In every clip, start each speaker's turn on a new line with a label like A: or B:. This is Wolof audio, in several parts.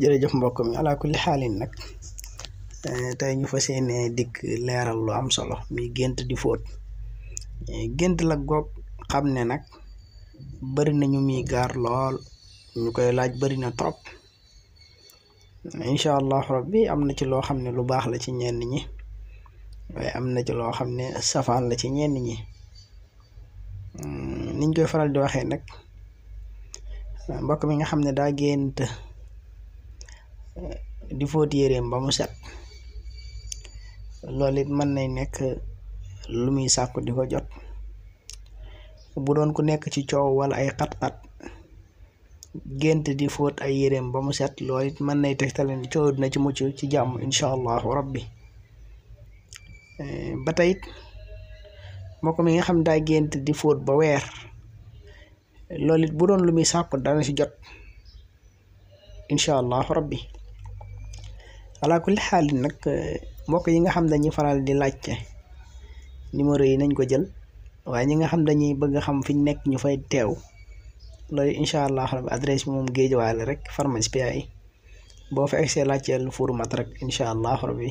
A: jërëjëf mbokk mi ala kulli xaalin nag eh, tey ñu fa yéene dikk leeral lu am solo muy gént di fóot eh, gént la goog xam ne nag bari nañu muy gaar lool ñu koy laaj bari na trop incha allahu rabbi am na ci loo xam ne lu baax la ci ñenn ñi waaye am na ci loo xam ne safaan la ci ñenn ñi hmm, niñ koy faral di waxee nag mbokk mi nga xam ne daa gént di fóot yéreem ba mu set loolu it mën nay nekk lu muy sàkku di ko jot bu doon ku nekk ci coow wala ay xat-xat gént di fóot ay yéreem ba mu set loolu it mën nay tegtaleen coow dina ci mucc ci jàmm incha allahu rabbi eh, ba tey it mbokk mi nga xam daa gént di fóot ba weer loolu it bu doon lu muy sàkku dana ci jot incha allahu rabbi ala kulli xaalin nag eh, mbokk yi nga xam dañuy faral di laajte numéro yi nañ ko jël waaye ñi nga xam dañuy bëgg xam fi ñu nekk ñu fay teew loolu incha allah rabbi adresse bi moom géejawaale rek pharmacie PAI boo fa egsee laajteel Four Mat rek incha allah rabbi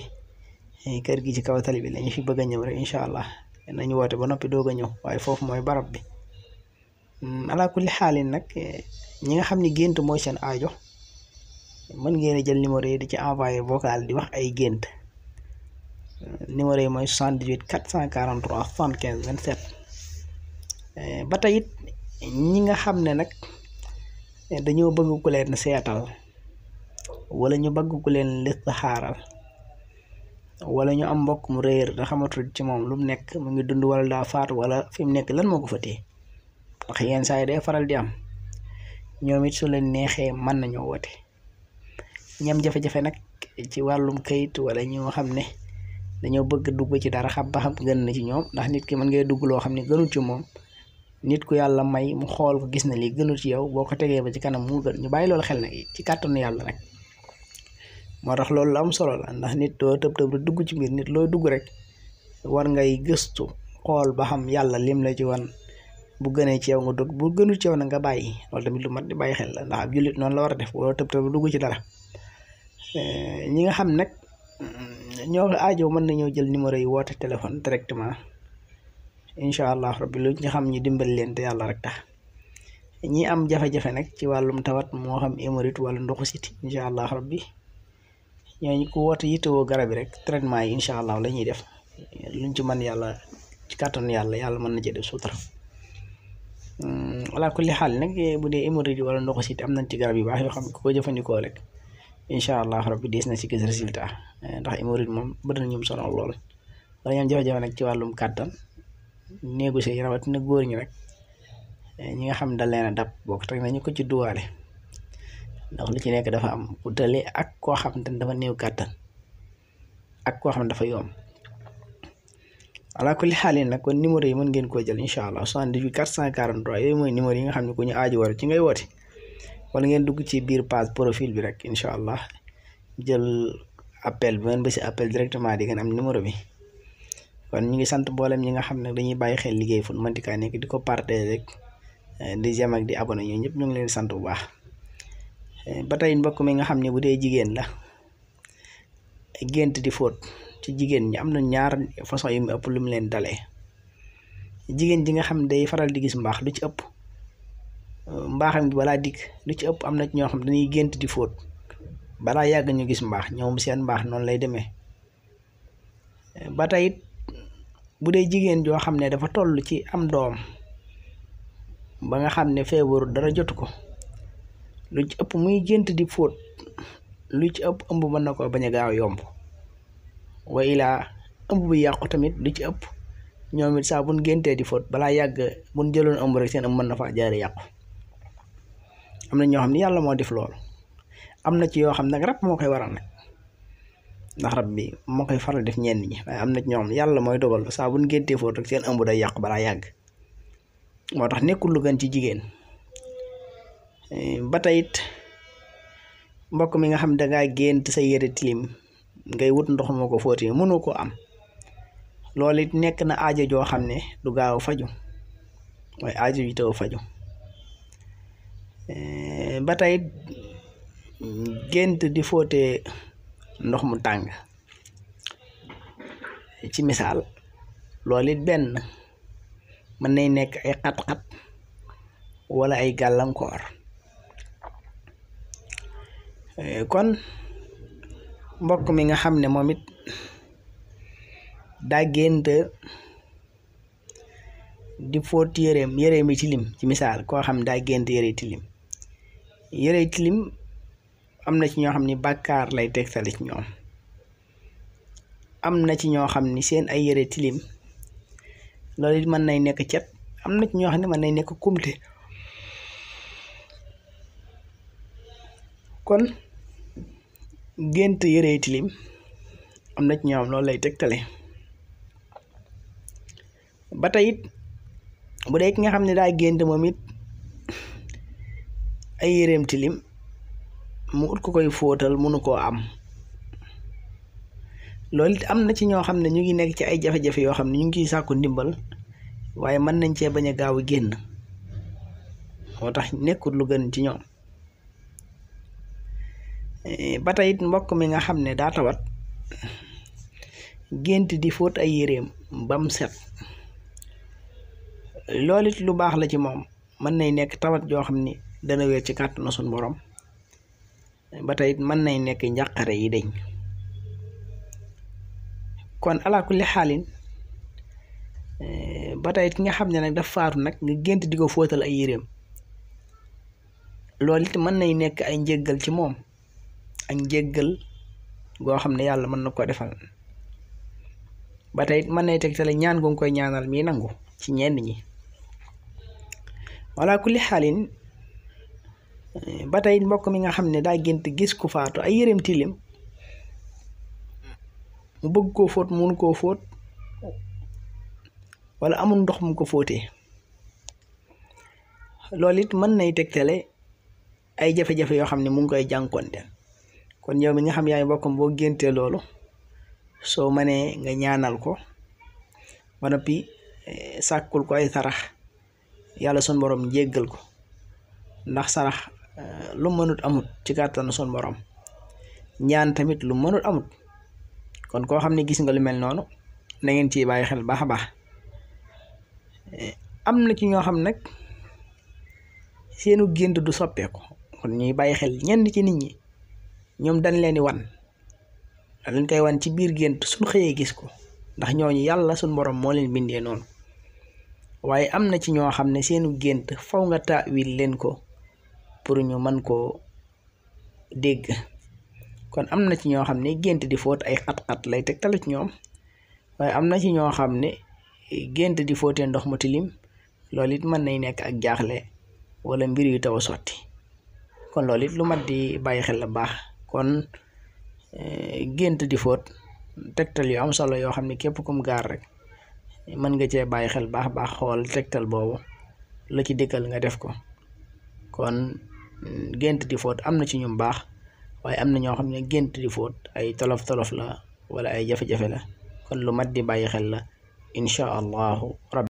A: eh, kër gi ci kaw tali bi lañu fi bëgg a ñëw rek incha allah nañu woote ba noppi doog a ñëw waaye foofu mooy barab bi hmm, ala kulli xaalin nag eh, ñi nga xam ni gént mooy seen aajo. mën ngeen a jël numéro yi di ci envoyé vocal di wax ay gént numéro yi mooy 78 443 75 27 ba tey it ñi nga xam ne nag eh, dañoo bëgg ko leen seetal wala ñu bëgg ku leen listixaaral wala ñu am mbokk mu réer da xamatul ci moom lu mu nekk mu ngi dund wala daa faatu wala fi nekk lan moo ko fa yenn saa yi day faral di am ñoom it su leen neexee mën nañoo woote. ñam jafe-jafe nag ci wàllum kayit wala ñoo xam ne dañoo bëgg dugg ci dara xam ba xam gën na ci ñoom ndax nit ki mën ngay dugg loo xam ne gënul ci moom nit ku yàlla may mu xool ko gis na lii gënul ci yow boo ko tegee ba ci kanam mu gën ñu bàyyi loolu xel nag ci kàttanu yàlla nag moo tax loolu am solo la ndax nit doo tëb tëb dugg ci mbir nit loo dugg rek war ngay gëstu xool ba xam yàlla lim la ci wan bu gënee ci yow nga dugg bu gënul ci yow na nga bàyyi loolu tamit lu mat di bàyyi xel la ndax ab jullit noonu la war a def boo tëb tëb dugg ci dara Eh, ñi nga xam nag ñoo ajo mën nañoo jël numéro yi woote téléphone directement incha allah rabbi lu ñu xam ñu dimbal leen te yàlla rek tax ñi am jafe-jafe nag ci wàllum tawat moo xam émorite wala ndoxu siti incha allah rabbi ñooñu ku woote yittewoo garab yi rek traitement yi incha allah la def luñ ci mën yàlla ci kàttanu yàlla yàlla mën na ci def sutura wala hmm, kulli xaal nag bu dee hémorroïde wala ndoxu siti am na ci garab yu baax yoo xam ko jëfandikoo rek incha allah rabbi dees na si gis résultat eh, ndax hémorroïde moom bëri na ñum sonal lool danañ am jafe-jafe nag ci wàllum kàttan négocier rawatina góor ñi rek eh, ñi nga xam dal leen a dab bokk te nañu ko ci duwaale ndax lu ci nekk dafa am ku tële ak koo xam te dafa new kàttan ak koo xam ne dafa yomb ala kulli xaal yi mën ngeen koo yooyu mooy numéro yi nga xam ne ku ñu aaju war ci ngay woote wala ngeen dugg ci biir page profil bi rek incha allah jël appel bu ngeen bësi appel directement di ngeen am numéro bi kon ñu ngi sant mboolem ñi nga xam ne dañuy bayyi xel liggéey fun mantika nekk di ko partager rek eh, di jëm ak di abonné ñoo ñëpp ñu ngi leen sant bu baax eh, ba tey mbokk mi nga xam ne bu dee jigéen la gënt di fóot ci jigéen ñi am na ñaar façon yu mu ëpp lu mu leen dalé jigéen ji nga xam day faral di gis mbax lu ci ëpp Euh, mbaxam gi bala dik lu ci ëpp am na ci ñoo xam dañuy gént di fóot bala yàgg ñu gis mbaax ñoom seen mbaax noonu lay demee ba tey bu dee jigéen joo xam ne dafa toll ci am doom ba nga xam ne feebaru dara jot ko lu ci ëpp muy gént di fóot lu ci ëpp ëmb mën na ko bañ a gaaw yomb wa ila ëmb bi yàqu tamit lu ci ëpp ñoom it saa bun géntee di fóot balaa yàgg bun jëloon ëmb rek seen ëmb mën na faa jaare yàqu am na ñoo xam ni yàlla moo def loolu am na ci yoo xam ne nag rab moo koy waral nag ndax rab bi moo koy faral def ñenn ñi waaye am na ci ñoo xam ne yàlla mooy dogal saa bu ñu géntee yàq balaa yàgg tax nekkul lu gën ci jigéen ehm, ba tey mbokk mi nga xam dangaa gént sa yére tilim ngay wut ndox moo ko fóotee mënoo koo am loolu it nekk na aajo joo xam ne du gaaw faju waaye aajo yi faju Eh, ba tey gént di fóote ndox mu tàng ci misaal loolu it benn mën nay nekk ay xat-xat wala ay gàllankoor eh, kon mbokk mi nga xam ne moom it daa gént di fóot yéreem yéreem yi tilim ci misaal koo xam daa gént yére tilim yére tilim am na ci ñoo xam ni bàkkaar lay tegtali ci ñoom am na ci ñoo xam ni seen ay yére tilim loolu mën nay nekk cet am na ci ñoo xam ne mën nay nekk kumte kon gént yére tilim am na ci ñoo loolu lay tegtale ba tey bu dee ki nga xam ne daay gént moom it ay yéreem tilim mu ut ko koy fóotal munu koo am loolu am na ci ñoo xam ne ñu ngi nekk ci ay jafe-jafe yoo xam ne ñu ngi ciy sàkku ndimbal waaye mën nañ cee bañ a gaaw a génn moo tax nekkul lu gën ci ñoom eh, ba tey it mbokk mi nga xam ne daa tawat gént di fóot ay yéreem bam set loolu lu baax la ci moom mën nay nekk tawat joo xam ni dana wér ci na sunu borom ba tey mën nay nekk njàqare yi deñ kon alaa kulli xaalin eh, ba tey ki nga xam ne nag daf faatu nag nga gént di ko fóotal ay yéreem loolu it mën nay nekk ay njéggal ci moom ak njéggal goo xam ne yàlla mën na ko defal ba tey it mën nay tegtale ñaan gu nga koy ñaanal mii nangu ci ñenn ñi alaa kulli xaalin Eh, ba tey mbokk mi nga xam ne daa gént gis ku faatu ay yëreem tilim mu bëgg koo fóot mun koo fóot walla amul ndox mu ko fóotee loolu it mën nay tegtale ay jafe-jafe yoo xam ne mu ngi koy jànkonte kon yow nga xam yaay mbokkam boo géntee loolu soo manee nga ñaanal ko ba noppi eh, sàkkul ko ay sarax yàlla sun borom jéggal ko ndax sarax Euh, lu mënut amut ci kàttanu sun borom ñaan tamit lu mënut amut kon koo xam ne gis nga lu mel noonu na ngeen ciy bàyyi xel baax a baax eh, am na ci ñoo xam nag seenu gént du soppeeku kon ñuy bàyyi xel ñenn ci nit ñi ñoom dañ leen di wan dañ koy wan ci biir gént suñ xëyee gis ko ndax ñooñu yàlla suñ borom moo leen bindee noonu waaye am na ci ñoo xam ne seenu gént faw nga wii leen ko pour ñu man ko dégg kon am na ci ñoo xam ne gént di foot ay xat-xat lay tegtale ci ñoom waaye am na ci ñoo xam ne gént di fóotee ndox mu tilim loolu it nay nekk ak jaaxle wala mbir yu taw a sotti kon loolu it lu mat di bàyyi xel la baax kon eh, gént di foot tegtal yu am solo yoo xam ne képp kum gaar rek mën nga cee bàyyi xel baax baax xool tegtal boobu la ci nga def ko kon gént di fóot am na ci ñum baax waaye am na ñoo xam ne gént di fóot ay tolof tolof la wala ay jafe-jafe la kon lu mat di bàyyi xel la incha allahu rabbi